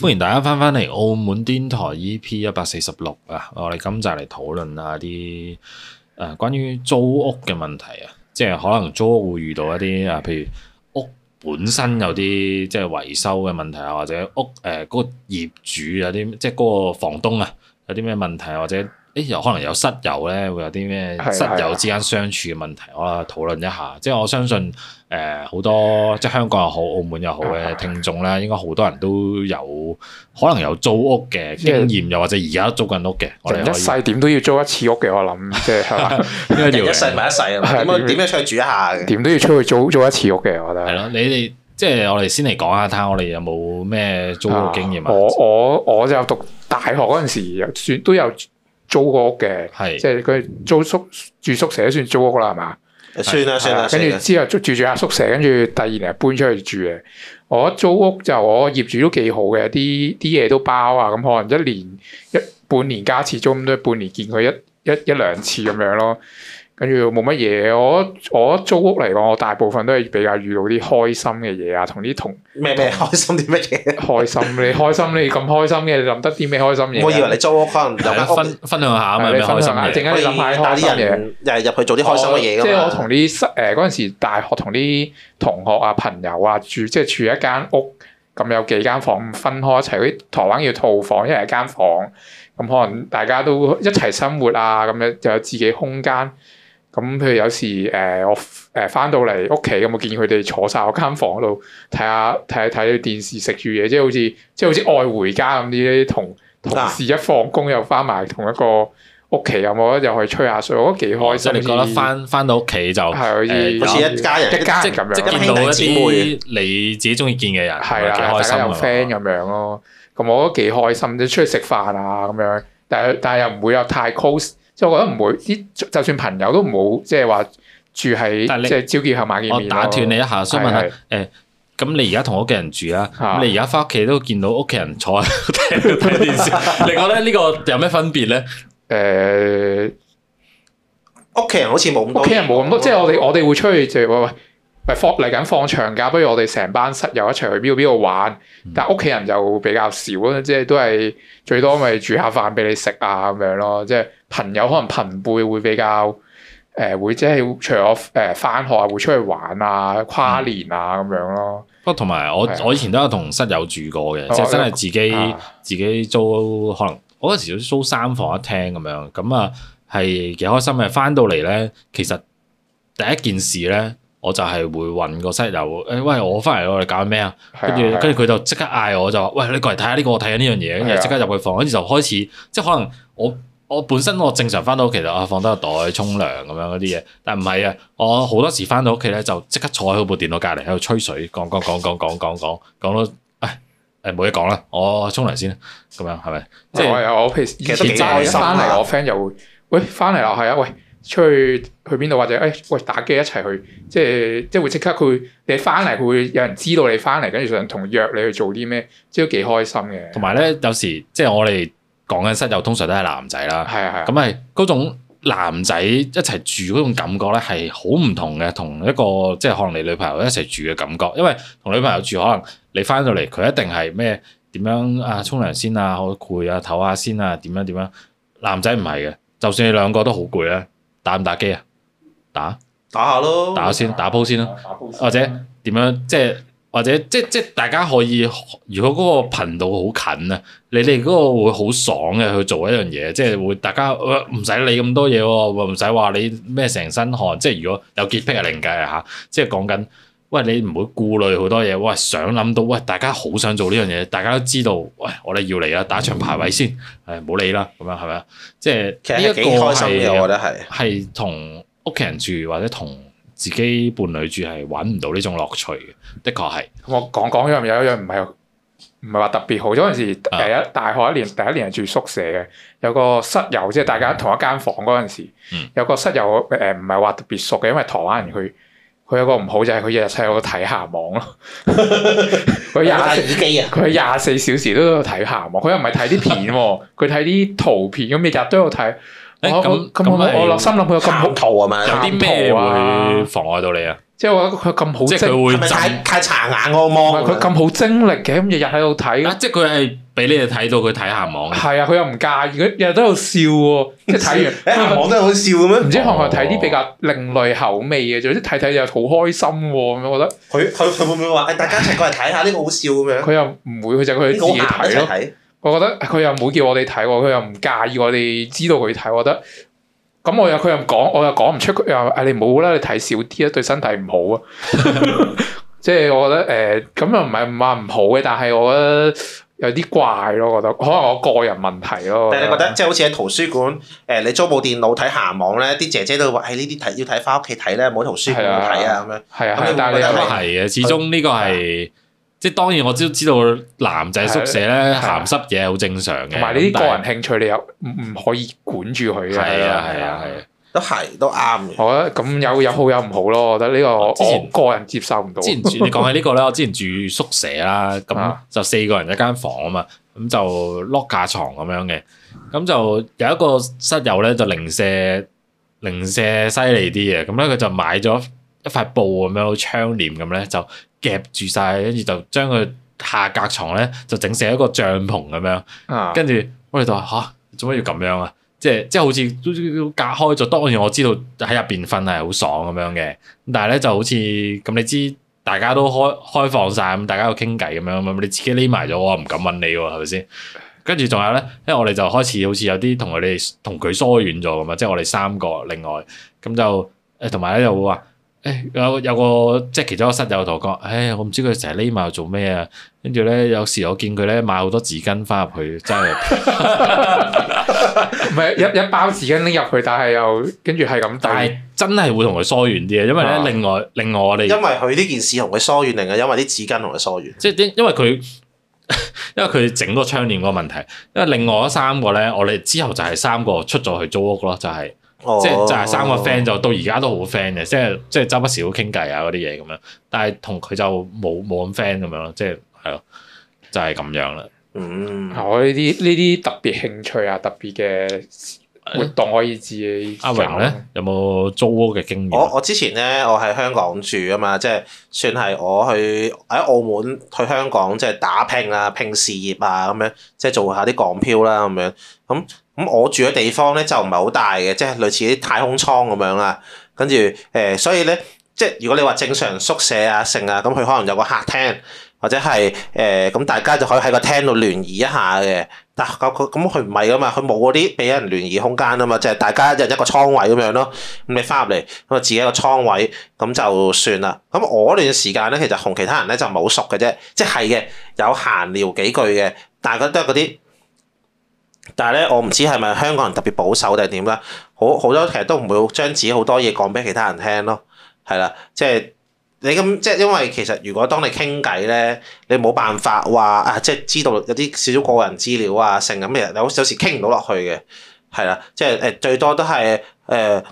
歡迎大家翻返嚟澳門癲台 EP 一百四十六啊！我哋今集嚟討論下啲誒、呃、關於租屋嘅問題啊，即係可能租屋會遇到一啲啊，譬如屋本身有啲即係維修嘅問題啊，或者屋誒嗰、呃嗰個業主有啲即係嗰個房東啊有啲咩問題或者？誒，又可能有室友咧，會有啲咩室友之間相處嘅問題，的我哋討論一下。即係我相信，誒、呃，好多即係香港又好，澳門又好嘅聽眾咧，應該好多人都有可能有租屋嘅經驗，又或者而家租緊屋嘅。就是、我哋一世點都要租一次屋嘅，我諗，即係係嘛？人一世咪一世啊，點啊點都出去住一下嘅，點都要出去租租一次屋嘅，我覺得係咯。你哋即係我哋先嚟講下，睇下我哋有冇咩租屋經驗啊？我我就我就讀大學嗰陣時，都有。 租個屋嘅。是即係佢租宿住宿舍算租屋啦，係嘛了？是算啦算啦。跟住之後住住下宿舍，跟住第二年搬出去住嘅。我一租屋就我業主都幾好嘅，啲啲嘢都包啊，咁可能一年一半年加次租，咁都半年見佢一一一兩次咁樣咯。跟住冇乜嘢，我我租屋嚟講，我大部分都係比較遇到啲開心嘅嘢啊，同啲同咩咩開心啲乜嘢？開心，開心你開心你咁開心嘅，你諗得啲咩開心嘢？我以為你租屋可能有間屋分，分享下啊嘛， 你分享下咩開心啊？突然間諗起，但啲人又係入去做啲開心嘅嘢。即係我同啲室嗰陣時，大學同啲同學啊、朋友啊住，即係住一間屋咁，有幾間房分開一齊嗰啲台灣叫套房，一人一間房，咁可能大家都一齊生活啊，咁樣就有自己空間。咁譬、嗯、如有時誒、呃、我誒翻、呃、到嚟屋企，有冇見佢哋坐晒我間房度睇下睇睇睇電視食住嘢，即係好似即係好似愛回家咁啲啲同同事一放工又翻埋同一個屋企，有冇咧又去吹下水，我覺得幾開心。哦、你覺得翻翻到屋企就係好似一家人一家人咁即樣，即係見到一啲你自己中意見嘅人，係啊是，即有 friend 咁樣咯，咁我覺得幾開心。即出去食飯啊咁樣，但係但係又唔會有太 close。就覺得唔會，啲就算朋友都唔好，即係話住喺即係朝見下晚見面。我打斷你一下，想問下誒，咁是是、欸、你而家同屋企人住啦、啊，咁、啊、你而家返屋企都見到屋企人坐喺度睇電視， 另外得呢、呢個有咩分別咧？誒、欸，屋企人好似冇屋企人冇咁多，多嗯、即係我哋、嗯、我哋會出去即喂喂。咪放嚟緊放長假，不如我哋成班室友一齊去邊度邊度玩？但屋企人就比較少，即係都係最多咪煮下飯俾你食啊咁樣咯。即係朋友可能朋輩會比較誒，會、呃、即係除咗誒翻學啊，會出去玩啊、跨年啊咁樣咯。不過、嗯，同埋我是我以前都有同室友住過嘅，即係、哦、真係自己、啊、自己租，可能我嗰陣時租三房一廳咁樣。咁啊係幾開心嘅，翻到嚟咧，其實第一件事咧。我就係會問個室友，誒、哎啊、喂，看看這個、我翻嚟我哋搞咩啊？跟住跟住佢就即刻嗌我就話，喂你過嚟睇下呢個，我睇緊呢樣嘢，跟住即刻入去房，跟住就開始，即係可能我我本身我正常翻到屋企啊，放低個袋沖涼咁樣嗰啲嘢，但係唔係啊？我好多時翻到屋企咧就即刻坐喺部電腦隔離喺度吹水，講講講講講講講講到誒誒冇嘢講啦。我沖涼先咁樣係咪？即係我譬如一翻嚟我 friend 又會，喂翻嚟啦，係啊，喂。喂喂喂喂喂喂喂出去去邊度或者誒、哎、喂打機一齊去，即係即係會即刻佢你翻嚟佢會有人知道你翻嚟，跟住想同約你去做啲咩，即係都幾開心嘅。同埋咧，有時即係我哋講緊室友，通常都係男仔啦。係啊係啊。咁係嗰種男仔一齊住嗰種感覺咧，係好唔同嘅，同一個即係可能你女朋友一齊住嘅感覺。因為同女朋友住、嗯、可能你翻到嚟佢一定係咩點樣啊，沖涼先啊，好攰啊，唞下先啊，點樣點樣。男仔唔係嘅，就算你兩個都好攰咧。打唔打機啊？打打下咯，打下先，打鋪先咯，或者點樣？即係或者即係即係，大家可以如果嗰個頻道好近啊，你哋嗰個會好爽嘅去做一樣嘢，即係會大家唔使、呃、理咁多嘢，唔使話你咩成身汗，即係如果有潔癖啊，另計啊吓，即係講緊。喂，你唔會顧慮好多嘢，喂，想諗到，喂，大家好想做呢樣嘢，大家都知道，喂，我哋要嚟啦，打一場排位先，誒，唔好理啦，咁樣係咪啊？即係呢一個係係同屋企人住或者同自己伴侶住係揾唔到呢種樂趣嘅，的確係。我講講一樣有一樣唔係唔係話特別好，嗰陣時第一大學一年第一年係住宿舍嘅，有個室友即係大家同一間房嗰陣時，有個室友誒唔係話特別熟嘅，因為台灣人去。佢有個唔好就係佢日日都有個睇下網咯，佢廿四，佢廿四小時都有睇下網，佢又唔係睇啲片，佢睇啲圖片咁日日都有睇。我心諗佢有咁好圖係咪？有啲咩會妨礙到你啊？即係我覺得佢咁好精，係咪太太殘眼好望，佢咁好精力嘅，咁日日喺度睇。即係佢係俾你哋睇到佢睇、嗯、下網。係啊，佢又唔介意，佢日日都喺度笑喎、哦。 即係睇完，誒， 網都係好笑咁咩？唔知可能睇啲比較另類口味嘅，總之睇睇又好開心喎。咁樣覺得。佢佢佢會唔會話大家一齊過嚟睇下呢個好笑咁樣。佢又唔會，佢就佢自己睇咯。我覺得佢又冇叫我哋睇喎，佢又唔介意我哋知道佢睇。我覺得。咁我又佢又講，我又講唔出佢又話，你唔好啦，你睇少啲啊，對身體唔好啊。即 係我覺得誒，咁又唔係唔係唔好嘅，但係我覺得有啲怪咯，我覺得可能我個人問題咯。但係你覺得即係好似喺圖書館誒、呃，你租部電腦睇閒網咧，啲姐姐都會話，喺呢啲睇要睇翻屋企睇咧，唔好圖書館睇啊，咁、啊、樣。係啊，咁但係有關係嘅，始終呢個係。即係當然，我知知道男仔宿舍咧鹹濕嘢好正常嘅，同埋呢啲個人是興趣你又唔可以管住佢嘅。係啊的，係啊的，係啊的，都係都啱嘅。我覺得咁有有好有唔好咯，但係呢個我前、哦、個人接受唔到。之前你講起呢個咧，我之前住宿舍啦，咁 就四個人一間房啊嘛，咁就碌架床咁樣嘅，咁就有一個室友咧就零舍零舍犀利啲嘅，咁咧佢就買咗一塊布咁樣窗簾咁咧就。夾住晒，跟住就將佢下格床咧，就整成一個帳篷咁樣。跟住、嗯、我哋就話吓，做、啊、乜要咁樣啊？即係即係好似隔開咗。當然我知道喺入邊瞓係好爽咁樣嘅，但係咧就好似咁你知大家都開開放晒，咁大家又傾偈咁樣，咁你自己匿埋咗，我唔敢問你喎，係咪先？跟住仲有咧，因為我哋就開始好似有啲同佢哋同佢疏遠咗咁嘛，即係我哋三個另外咁就誒，同埋咧就會話。誒、哎，有有個即係其中一個室友同我講，誒、哎，我唔知佢成日匿埋做咩啊。跟住咧，有時我見佢咧買好多紙巾翻入去，真係，唔係一一包紙巾拎入去，但係又但跟住係咁。但係真係會同佢疏遠啲啊，因為咧、啊、另外另外我哋，因為佢呢件事同佢疏遠，定係因為啲紙巾同佢疏遠？即係因因為佢因為佢整個窗簾個問題，因為另外三個咧，我哋之後就係三個出咗去租屋咯，就係、是。哦、即係就係三個 friend 就、哦、到而家都好 friend 嘅，即係即係周不時都傾偈啊、嗰啲嘢咁樣，但係同佢就冇冇咁 friend 咁樣咯，即係係咯，就係、係、咁樣啦。嗯，我呢啲呢啲特別興趣啊，特別嘅。活動可以知嘅。阿榮咧，有冇租屋嘅經驗？我我之前咧，我喺香港住啊嘛，即係算係我去喺澳門去香港，即係打拼啊、拼事業啊咁樣，即係做一下啲港漂啦、啊、咁樣。咁咁我住嘅地方咧就唔係好大嘅，即係類似啲太空艙咁樣啦。跟住誒，所以咧，即係如果你話正常宿舍啊、剩啊，咁佢可能有個客廳，或者係誒咁大家就可以喺個廳度聯誼一下嘅。咁佢唔係噶嘛，佢冇嗰啲俾人聯誼空間啊嘛，就係大家一人一個倉位咁樣咯。咁你翻入嚟，咁啊自己一個倉位，咁就算啦。咁我嗰段時間咧，其實同其他人咧就冇熟嘅啫，即係嘅，有閒聊幾句嘅，但係嗰都係嗰啲。但係咧，我唔知係咪香港人特別保守定係點啦？好好多其實都唔會將自己好多嘢講俾其他人聽咯。係啦，即係。你咁即係因為其實如果當你傾偈咧，你冇辦法話啊，即係知道有啲少少個人資料啊，剩咁嘅你好有時傾唔到落去嘅，係啦，即係誒最多都係誒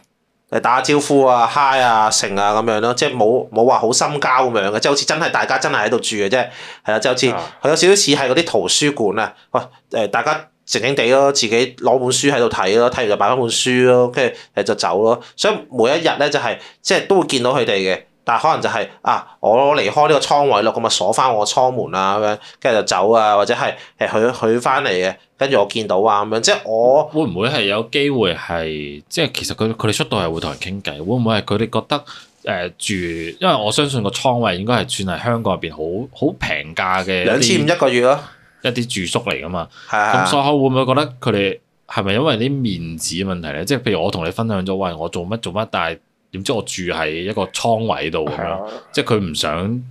誒打招呼啊、嗨啊、成啊咁樣咯，即係冇冇話好深交咁樣嘅，即係好似真係大家真係喺度住嘅啫，係啊，即係好似佢有少少似係嗰啲圖書館啊，喂、呃、誒大家靜靜地咯，自己攞本書喺度睇咯，睇完就擺翻本書咯，跟住誒就走咯，所以每一日咧就係、係、即係都會見到佢哋嘅。但可能就係、是、啊，我離開呢個倉位咯，咁咪鎖翻我倉門啊，咁樣跟住就走啊，或者係誒佢佢翻嚟嘅，跟住我見到啊，咁樣即係我會唔會係有機會係即係其實佢佢哋出到係會同人傾偈，會唔會係佢哋覺得誒、呃、住，因為我相信個倉位應該係算係香港入邊好好平價嘅兩千五一個月咯、啊，一啲住宿嚟噶嘛，咁所以會唔會覺得佢哋係咪因為啲面子問題咧？即係譬如我同你分享咗喂，我做乜做乜，但係。點知我住喺一個倉位度，啊、即係佢唔想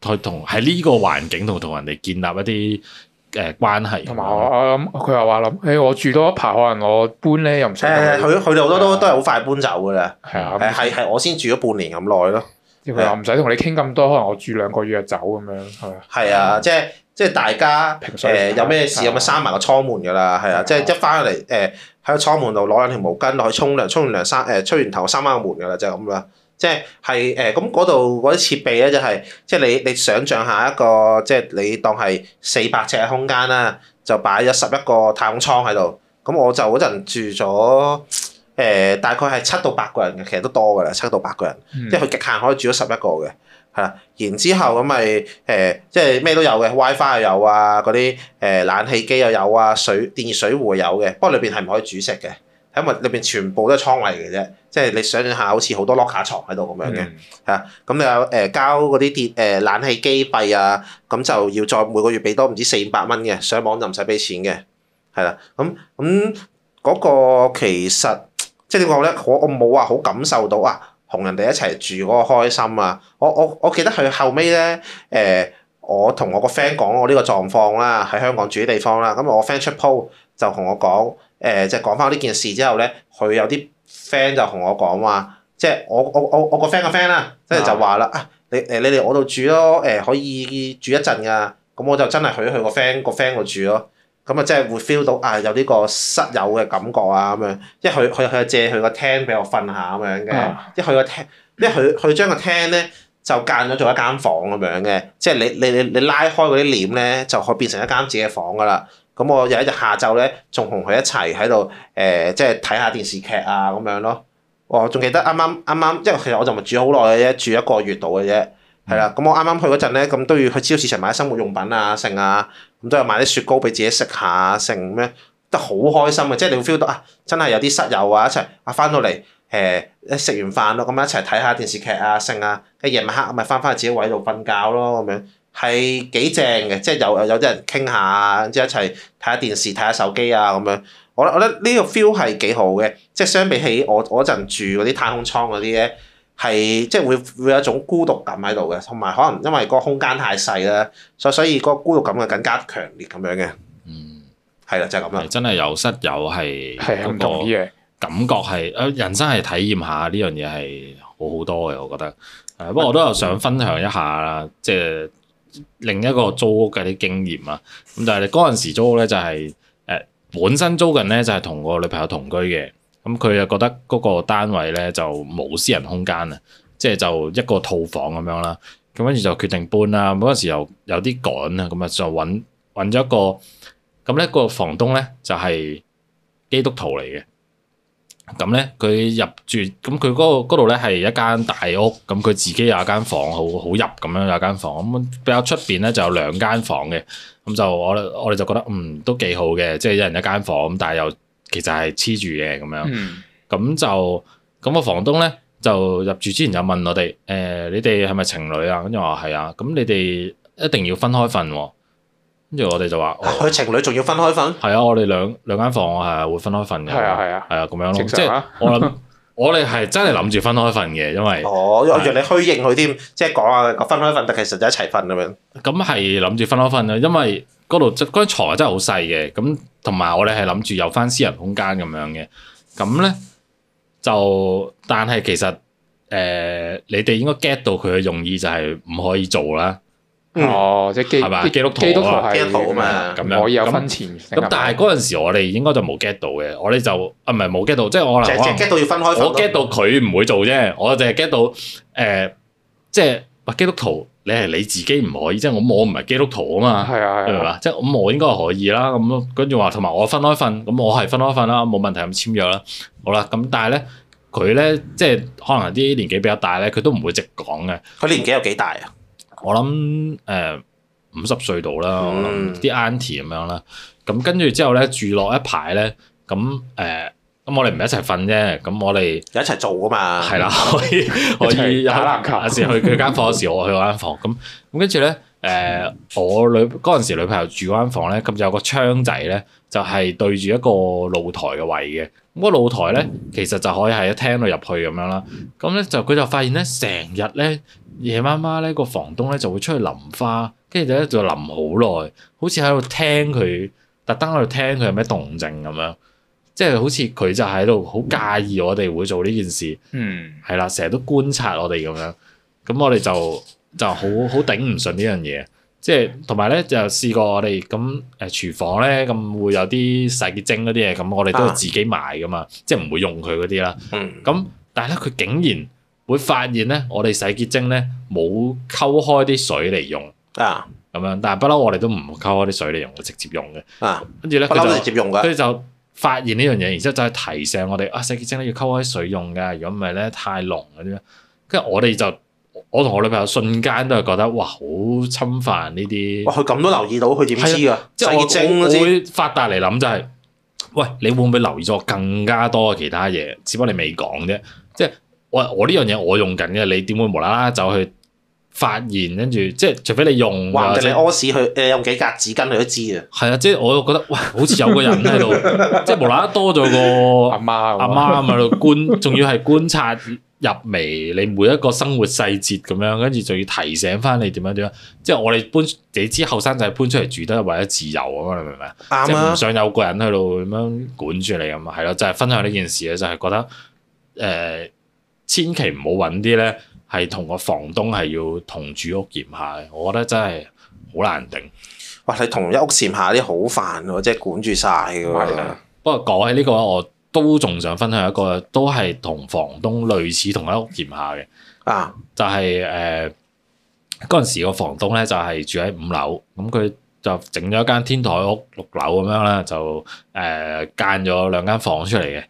去同喺呢個環境度同人哋建立一啲誒關係。同埋我我諗佢又話諗，誒、呃欸、我住多一排，可能我搬咧又唔想。佢佢哋好多都、啊、都係好快搬走噶啦。係啊，係係我先住咗半年咁耐咯。佢話唔使同你傾咁多，可能我住兩個月就走咁樣係啊。係啊，即係、啊。即係大家誒有咩事咁啊，閂埋個艙門噶啦，係啊陽！即係、就是、一翻嚟誒喺個艙門度攞兩條毛巾落去沖涼，沖完涼閂誒吹完頭閂埋個門噶啦，就係咁啦。即係係誒咁嗰度嗰啲設備咧、就是，就係即係你你想像下一個，即、就、係、是、你當係四百尺嘅空間啦，就擺咗十一個太空艙喺度。咁我就嗰陣住咗誒、呃、大概係七到八個人嘅，其實都多噶啦，七到八個人，嗯、即係佢極限可以住咗十一個嘅。係啦，然之後咁咪誒，即係咩都有嘅，WiFi 又有啊，嗰啲誒冷氣機又有啊，水電熱水壺有嘅，裏面不過裏邊係唔可以煮食嘅，因為裏邊全部都係倉位嚟嘅啫，即係你想象下好似好多 locker 牀喺度咁樣嘅，係啊，咁你有誒交嗰啲電誒冷氣機幣啊，咁就要再每個月俾多唔知四五百蚊嘅，上網就唔使俾錢嘅，係啦，咁咁嗰個其實即係點講咧，我我冇話好感受到啊。同人哋一齊住嗰個開心啊！我我我記得佢後尾咧，誒、欸，我同我個 friend 講我呢個狀況啦，喺香港住啲地方啦。咁我 friend 出 po 就同我講，誒、欸，即係講翻呢件事之後咧，佢有啲 friend 就同我講話，即係我我我我個 friend 個 friend 啦，即係就話啦，是的 啊，你誒你嚟我度住咯，誒可以住一陣噶，咁我就真係去佢個 friend 個 friend 度住咯。咁啊，即係會 feel 到啊，有呢個室友嘅感覺啊，咁樣、嗯即，因為佢佢佢借佢個廳俾我瞓下咁樣嘅，因為佢個廳，因為佢佢將個廳咧就間咗做一間房咁樣嘅，即係你你你你拉開嗰啲簾咧，就可變成一間自己房噶啦。咁我有一日下晝咧，仲同佢一齊喺度誒，即係睇下電視劇啊咁樣咯。我、哦、仲記得啱啱啱啱，因為其實我就咪住好耐嘅啫，住一個月度嘅啫。係啦，咁我啱啱去嗰陣咧，咁都要去超市場買啲生活用品啊，剩啊。咁都有買啲雪糕俾自己食下等等，剩咩都好開心嘅。即係你會 feel 到啊，真係有啲室友啊一齊啊翻到嚟誒，一食、啊呃、完飯咯，咁樣一齊睇下電視劇啊，剩啊，一夜晚黑咪翻翻去自己位度瞓覺咯，咁樣係幾正嘅。即係有有啲人傾下，咁即係一齊睇下電視、睇下手機啊，咁樣我，我覺得呢個 feel 係幾好嘅。即係相比起我嗰陣住嗰啲太空艙嗰啲咧。係，即係會會有一種孤獨感喺度嘅，同埋可能因為嗰個空間太細啦，所所以嗰個孤獨感係更加強烈咁樣嘅。嗯，係啦，就係咁啦。真係有室友係嗰個感覺係，誒人生係體驗下呢樣嘢係好好多嘅，我覺得。誒不過我都係想分享一下啦，即係另一個租屋嘅啲經驗啊。咁但係你嗰陣時租屋咧就係誒本身租緊咧就係同個女朋友同居嘅。咁佢又覺得嗰個單位咧就冇私人空間啊，即係就一個套房咁樣啦。咁跟住就決定搬啦。嗰陣時又有啲趕啦，咁啊就揾咗一個。咁呢、個房東咧就係、是、基督徒嚟嘅。咁咧佢入住，咁佢嗰度咧係一間大屋。咁、嗯、佢自己有一間房，好好入咁樣有間房。咁、嗯、比較出邊咧就有兩間房嘅。咁、嗯、就我我哋就覺得嗯都幾好嘅，即係一人一間房。咁但係又。其實係黐住嘅咁樣，咁、嗯、就咁個房東咧就入住之前就問我哋，誒、欸，你哋係咪情侶啊？跟住話係啊，咁你哋一定要分開瞓、啊。跟住我哋就話，佢、哦、情侶仲要分開瞓？係啊，我哋兩兩間房係會分開瞓嘅。係啊，係啊，係啊，咁樣咯。即係、啊、 我諗，我哋係真係諗住分開瞓嘅，因為哦，我讓你虛應佢添，即係講啊，分開瞓，但其實就一齊瞓咁樣。咁係諗住分開瞓咯，因為。嗰度即嗰張床真係好細嘅，咁同埋我哋係諗住有翻私人空間咁樣嘅，咁咧就但係其實誒、呃、你哋應該 get 到佢嘅用意就係唔可以做啦。哦，即、就是、基基督徒基督徒嘛，咁樣可以有分錢。咁那是但係嗰陣時我哋應該就冇 get 到嘅，我哋就啊唔係冇 get 到，即、就、係、是、我可能我 get 到要分開，我 get 到佢唔會做啫，我就係 get 到誒、呃，即係或基督徒。你係你自己唔可以，即係我我唔係基督徒啊嘛，係啊係嘛、啊，即係咁我應該可以啦，咁跟住話同埋我分開瞓，咁我係分開瞓啦，冇問題咁簽約啦，好啦，咁但係咧佢咧即係可能啲年紀比較大咧，佢都唔會直講嘅。佢年紀有幾大啊、呃？我諗誒五十歲度啦，我諗啲 aunty 咁樣啦，咁跟住之後咧住落一排咧，咁、呃、誒。咁我哋唔係一齊瞓啫，咁我哋一齊做啊嘛，係啦，可以可以 打籃球。有 時去佢間房，有時我去我間房。咁咁跟住咧，誒、呃、我女嗰陣時女朋友住嗰間房咧，咁有個窗仔咧，就係、是、對住一個露台嘅位嘅。咁、那個露台咧，其實就可以喺一廳度入去咁樣啦。咁咧就佢就，就發現咧，成日咧夜晚晚咧個房東咧就會出去淋花，跟住就喺度淋好耐，好似喺度聽佢特登喺度聽佢有咩動靜咁樣。即係好似佢就喺度好介意我哋會做呢件事，嗯，係啦，成日都觀察我哋咁樣，咁我哋就就好好頂唔順呢樣嘢。即係同埋咧，就試過我哋咁誒廚房咧咁會有啲洗潔精嗰啲嘢，咁我哋都係自己買噶嘛，即係唔會用佢嗰啲啦。嗯，咁但係咧，佢竟然會發現咧，我哋洗潔精咧冇溝開啲水嚟用啊，咁樣，但係不嬲我哋都唔溝開啲水嚟用，直接用嘅，跟住咧，不嬲直接用㗎，佢就。發現呢樣嘢，然之後就係提醒我哋啊，洗潔精咧要溝開水用㗎，如果唔係咧太濃嗰啲。跟住我哋就，我同我女朋友瞬間都係覺得，哇，好侵犯呢啲。佢咁都留意到，佢點知啊？洗潔的紀精嗰啲我我會發達嚟諗就係、是，喂，你會唔會留意咗更加多嘅其他嘢？只不過你未講啫，即係喂，我呢樣嘢我用緊嘅，你點會無啦啦走去？發現跟住即係，除非你用或者屙屎去誒、呃，用幾格紙巾你都知啊。係啊，即係我又覺得哇，好似有個人喺度， 即係無啦啦多咗個阿媽阿媽喺度觀，仲要係觀察入微，你每一個生活細節咁樣，跟住仲要提醒翻你點樣點樣。即係我哋搬，你知後生仔搬出嚟住都係為咗自由啊嘛，你明唔明啊？即係唔想有個人喺度咁樣管住你咁嘛。係咯，就係分享呢件事啊，就係覺得誒、呃，千祈唔好揾啲咧。係同個房東係要同住屋檐下嘅，我覺得真係好難頂。哇！係同一屋檐下啲好煩喎，啊，即係管住晒。嘅的、嗯、不過講起呢個話，我都仲想分享一個，都係同房東類似同一屋檐下嘅。啊！就係誒嗰陣時個房東咧，就係、是，住喺五樓，咁，嗯、佢就整咗一間天台屋六樓咁樣啦，就誒間咗兩間房出嚟嘅。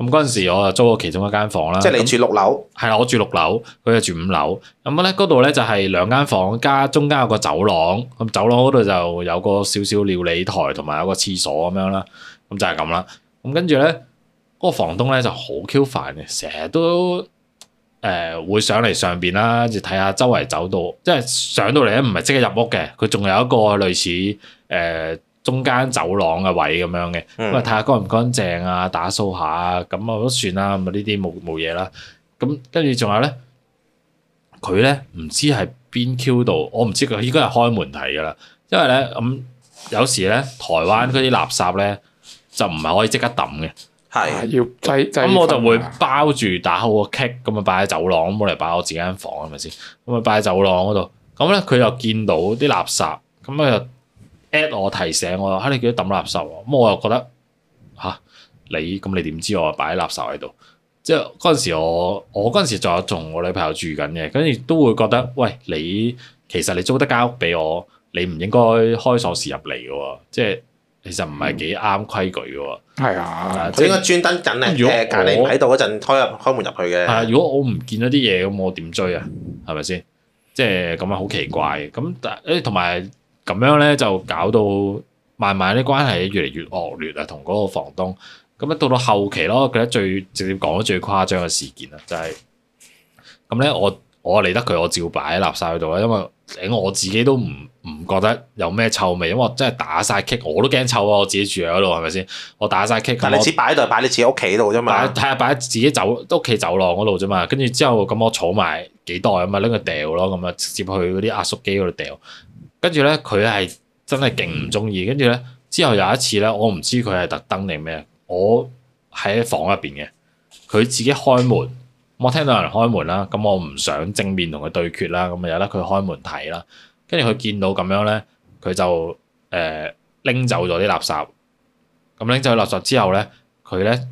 咁嗰陣時，我就租過其中一間房啦。即係你住六樓，係我住六樓，佢就住五樓。咁咧，嗰度咧就係兩間房加中間有個走廊。咁走廊嗰度就有個少少料理台，同埋有個廁所咁樣啦。咁就係咁啦。咁跟住咧，嗰個房東咧就好 Q 煩嘅，成日都誒、呃、會上嚟上邊啦，就睇下周圍走道。即係上到嚟咧，唔係即刻入屋嘅，佢仲有一個類似誒。呃中間走廊嘅位咁樣嘅，咁啊睇下乾唔乾淨啊，打掃下，咁我都算啦，咁啊呢啲冇冇嘢啦。咁跟住仲有咧，佢咧唔知係邊 Q 度，我唔知佢應該係開門睇噶啦。因為咧咁、嗯、有時咧台灣嗰啲垃圾咧就唔係可以即刻抌嘅，係要擠擠咁我就會包住打好個 kick 咁啊擺喺走廊咁嚟擺我自己間房係咪先？咁啊擺喺走廊嗰度，咁咧佢又見到啲垃圾，咁啊又。我提醒我，嚇你記得抌垃圾喎，咁我又覺得嚇你，咁你點知我擺喺垃圾喺度？即係嗰陣時我，我我嗰陣時仲有同我女朋友住緊嘅，跟住都會覺得，喂你其實你租得間屋俾我，你唔應該開鎖匙入嚟嘅喎，即係其實唔係幾啱規矩嘅喎。係、嗯、啊，佢、啊、即應該專登緊如果隔籬喺度嗰陣開入開門入去嘅。如果我唔見咗啲嘢，咁我點追啊？係咪先？即係咁樣好奇怪嘅。咁誒同埋。咁樣咧就搞到慢慢啲關係越嚟越惡劣啊，同嗰個房東。咁啊，到到後期咯，覺得最直接講最誇張嘅事件啦，就係咁咧。我我理得佢，我照擺喺垃圾度啦。因為我自己都唔唔覺得有咩臭味，因為真係打晒棘，我都驚臭啊。我自己住喺嗰度，係咪先？我打晒棘，但係你只擺喺度，擺你自己屋企度啫嘛。係啊，擺喺自己走屋企走廊嗰度啫嘛。跟住之後咁，我儲埋幾袋啊嘛，拎佢掉咯。咁啊，直接去嗰啲壓縮機嗰度掉。跟住咧，佢係真係勁唔中意。跟住咧，之後有一次咧，我唔知佢係特登定咩，我喺房入邊嘅，佢自己開門，我聽到人開門啦。咁我唔想正面同佢對決啦，咁咪由得佢開門睇啦。跟住佢見到咁樣咧，佢就誒拎、呃、走咗啲垃圾。咁拎走垃圾之後咧，佢咧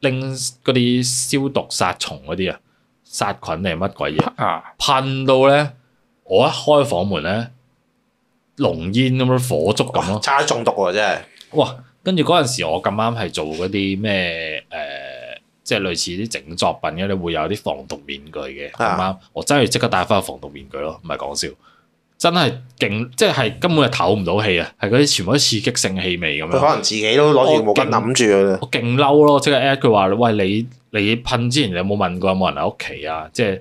拎嗰啲消毒殺蟲嗰啲啊，殺菌定係乜鬼嘢啊？噴到咧，我一開房門咧。濃煙咁樣火燭咁咯，差啲中毒啊真係。哇！跟住嗰陣時我，我咁啱係做嗰啲咩？誒，即係類似啲整作品嘅咧，會有啲防毒面具嘅。咁啱的，我真係即刻戴翻個防毒面具咯，唔係講笑，真係勁，即係根本係唞唔到氣啊！係嗰啲全部都刺激性氣味咁樣。佢可能自己都攞住毛巾諗住很。我勁嬲咯！即刻 at 佢話，喂，你你噴之前你有冇問過有冇人喺屋企啊？即係。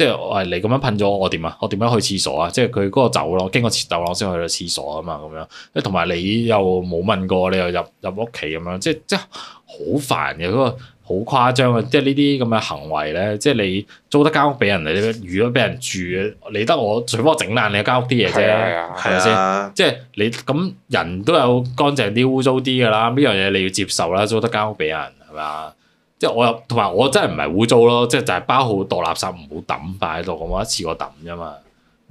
即係我係你咁樣噴咗我點啊？我點樣去廁所啊？即係佢嗰個走廊，經過廁走廊，先去到廁所啊嘛，咁樣。即係同埋你又冇問過，你又入入屋企咁樣，即係即係好煩嘅，嗰個好誇張嘅。即係呢啲咁嘅行為咧，即係你租得間屋俾人嚟，如果俾人住，你得我最多整爛你間屋啲嘢啫，係咪先？吧啊、即係你咁人都有乾淨啲、污糟啲㗎啦，呢樣嘢你要接受啦。租得間屋俾人係咪啊？即係我又同埋我真係唔係污糟咯，即係就係包好多垃圾唔好抌，擺喺度我一次過抌啫嘛。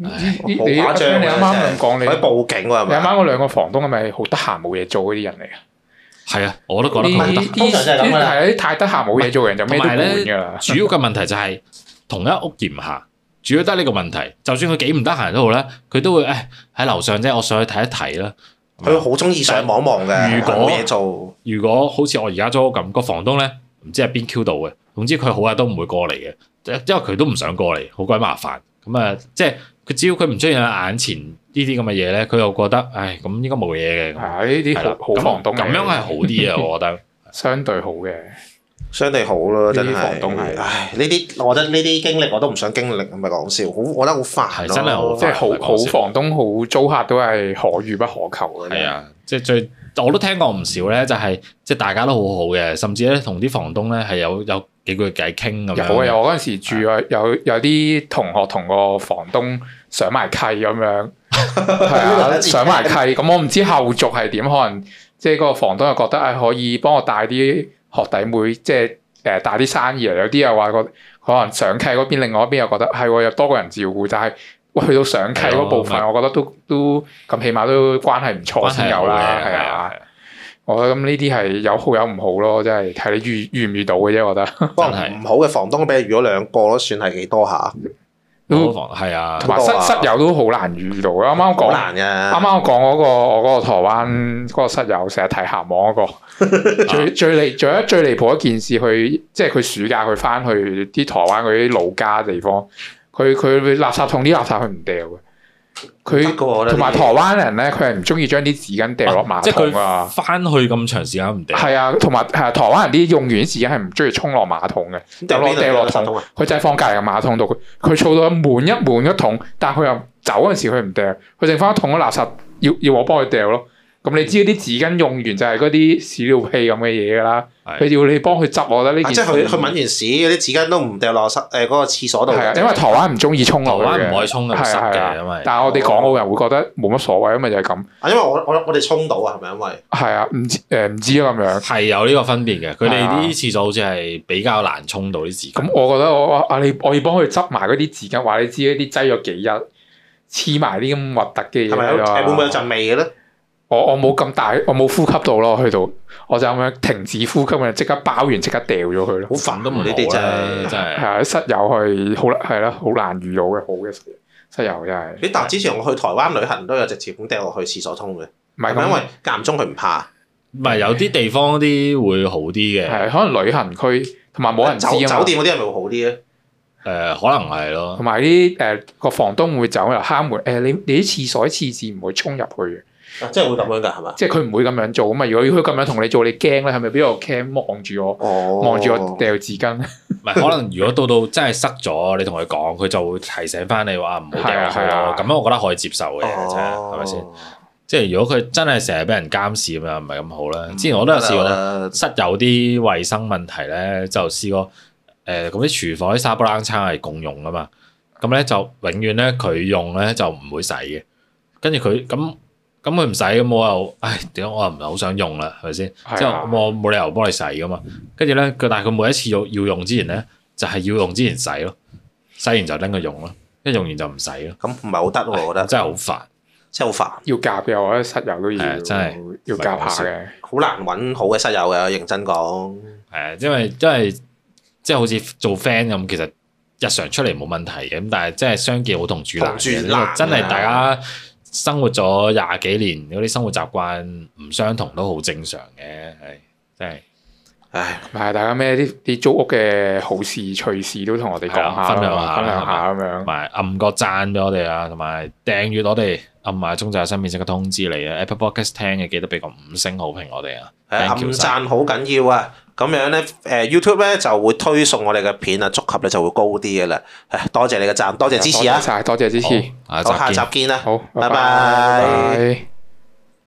好誇張，你剛剛你你啱啱講你報警喎，係咪？啱啱我兩個房東係咪好得閒冇嘢做嗰啲人嚟㗎？係啊，我都覺得通常就係咁啦。係啊，太得閒冇嘢做嘅人就咩都唔主要嘅問題就係、是、 同一屋簷下，主要得呢個問題。就算佢幾唔得閒都好咧，佢都會誒喺樓上啫，我上去睇一睇啦。佢好中意上網望嘅，冇嘢做。如果好似我而家租咁，個房東咧。唔知喺邊 Q 到嘅，總之佢好嘅都唔會過嚟嘅，因為佢都唔想過嚟，好鬼麻煩。咁啊，即係佢只要佢唔出現喺眼前呢啲咁嘅嘢咧，佢又覺得，唉，咁應該冇嘢嘅。係呢啲好，好房東嘅。咁了、啊、樣係好啲嘅，我覺得， 相對好嘅。相對好咯，真係。呢啲房東係，唉，呢啲我覺得呢啲經歷我都唔想經歷，唔係講笑，好，我覺得好煩、啊。係真係好、啊、好，即係好好房東好，好租客都係可遇不可求嘅。係啊，即係最我都聽過唔少咧，就係、是、即係大家都好好嘅，甚至咧同啲房東咧係有有幾句偈傾咁樣。我我嗰陣時住啊，有有啲同學同個房東上埋契咁樣。係的 上埋契咁，我唔知後續係點，可能即係個房東又覺得係、哎、可以幫我帶啲。學弟妹即係誒帶啲生意啊！有啲又話個可能上契嗰邊，另外一邊又覺得係有多個人照顧，就係去到上契嗰部分，的我覺得都都咁起碼都關係唔錯先有啦，係啊！的的我覺得咁呢啲係有好有唔好咯，即係睇你遇遇唔遇到嘅啫，我覺得。可能唔好嘅房東俾你遇咗兩個都算係幾多下。都係啊，同埋室室友都好難遇到。啱啱講，啱啱、啊嗰個、我講嗰個我嗰個台灣嗰個室友，成日提鞋網嗰、嗰個， 最最，最離，仲有最離譜一件事，佢即係佢暑假去翻去啲台灣嗰啲老家地方，佢佢垃圾桶啲垃圾佢唔掉嘅。佢同埋台灣人咧，佢係唔中意將啲紙巾掉落馬桶㗎。翻去咁長時間唔掟？係啊，同埋係台灣人啲用完啲紙巾係唔中意沖落馬桶嘅，掉落掉落桶。佢就係放隔離嘅馬桶度，佢佢儲到滿一滿一桶，但係佢又走嗰陣時佢唔掟。佢剩翻一桶嘅垃圾要要我幫佢掉咯。咁你知啲紙巾用完就係嗰啲屎尿屁咁嘅嘢㗎喇，佢要你幫佢執，我覺得呢件事。即係佢佢揾完屎，啲紙巾都唔掉落室。誒嗰個廁所度。因為台灣唔中意沖落，台灣唔可以沖嘅，係啊，但係我哋港澳人會覺得冇乜所謂，因為就係咁。因為我我哋沖到啊，係咪因為？係啊，唔知誒唔知咁樣。係有呢個分別嘅，佢哋啲廁所好似係比較難沖到啲紙巾。咁我覺得我啊你我要幫佢執埋嗰啲紙巾，話你知啲擠咗幾日黐埋啲咁核突嘅嘢咯。會唔會有陣味嘅咧？我我冇咁大，我冇呼吸到咯。去到我就咁樣停止呼吸啊！即刻包完，即刻掉咗佢咯。好煩都唔好，你哋真係，係啊！室友係好係咯，好難遇到嘅好嘅室友真係。你但之前我去台灣旅行都有直接咁掉落去廁所沖嘅。唔係，因為間中佢唔怕。唔係，有啲地方啲會好啲嘅。係、嗯、可能旅行區同埋冇人知啊。酒店嗰啲係咪會好啲咧？誒、呃，可能係咯。同埋啲誒個房東會走又敲門。誒、呃，你你啲廁所廁紙唔會沖入去嘅。啊，真係會咁樣㗎，係嘛？即係佢唔會咁樣做啊嘛。如果佢咁樣同你做，你驚咧，係咪俾個 cam 望住我，望住、哦、我掉紙巾？唔係，可能如果到到真係塞咗，你同佢講，佢就會提醒翻你話唔好掉落去咯。咁樣我覺得可以接受嘅啫，係咪先？即係如果佢真係成日俾人監視咁樣，唔係咁好啦。之前我都有試過，室友啲衞生問題咧，就試過誒，咁、呃、啲廚房啲沙煲罌罉係共用啊嘛。咁咧就永遠咧佢用咧就唔會洗嘅，跟住佢咁。嗯咁佢唔使咁，我又，唉，點解我又唔係好想用啦？係咪先？即係我冇理由幫你使噶嘛。跟住咧，佢但係佢每一次要要用之前咧，就係要用之前使咯，使完就拎佢用咯，跟住用完就唔使咯。咁唔係好得喎，我覺得。真係好煩，即係好煩。要夾又啊，室友都要，要夾下嘅。好難揾好嘅室友嘅，認真講。係啊，因為因為即係好似做 friend 咁，其實日常出嚟冇問題嘅，咁但係即係相見好同住難嘅，真係大家。生活咗廿幾年，如果啲生活習慣唔相同都好正常嘅，係真係。唉，係大家咩啲啲租屋嘅好事趣事都同我哋講下，分享下，分享下咁樣，埋吧暗角讚咗我哋啊，同埋訂閱我哋，暗埋中集喺身邊即刻通知你啊，Apple Podcast 聽嘅記得俾個五星好評我哋啊，是 Thank you，暗讚好緊要啊！咁樣咧，誒 YouTube 咧就會推送我哋嘅片啊，觸及率就會高啲嘅啦。多謝你嘅讚，多謝支持啊！多謝，多謝支持，好，下集見，下集見啦，好，拜拜。拜拜拜拜。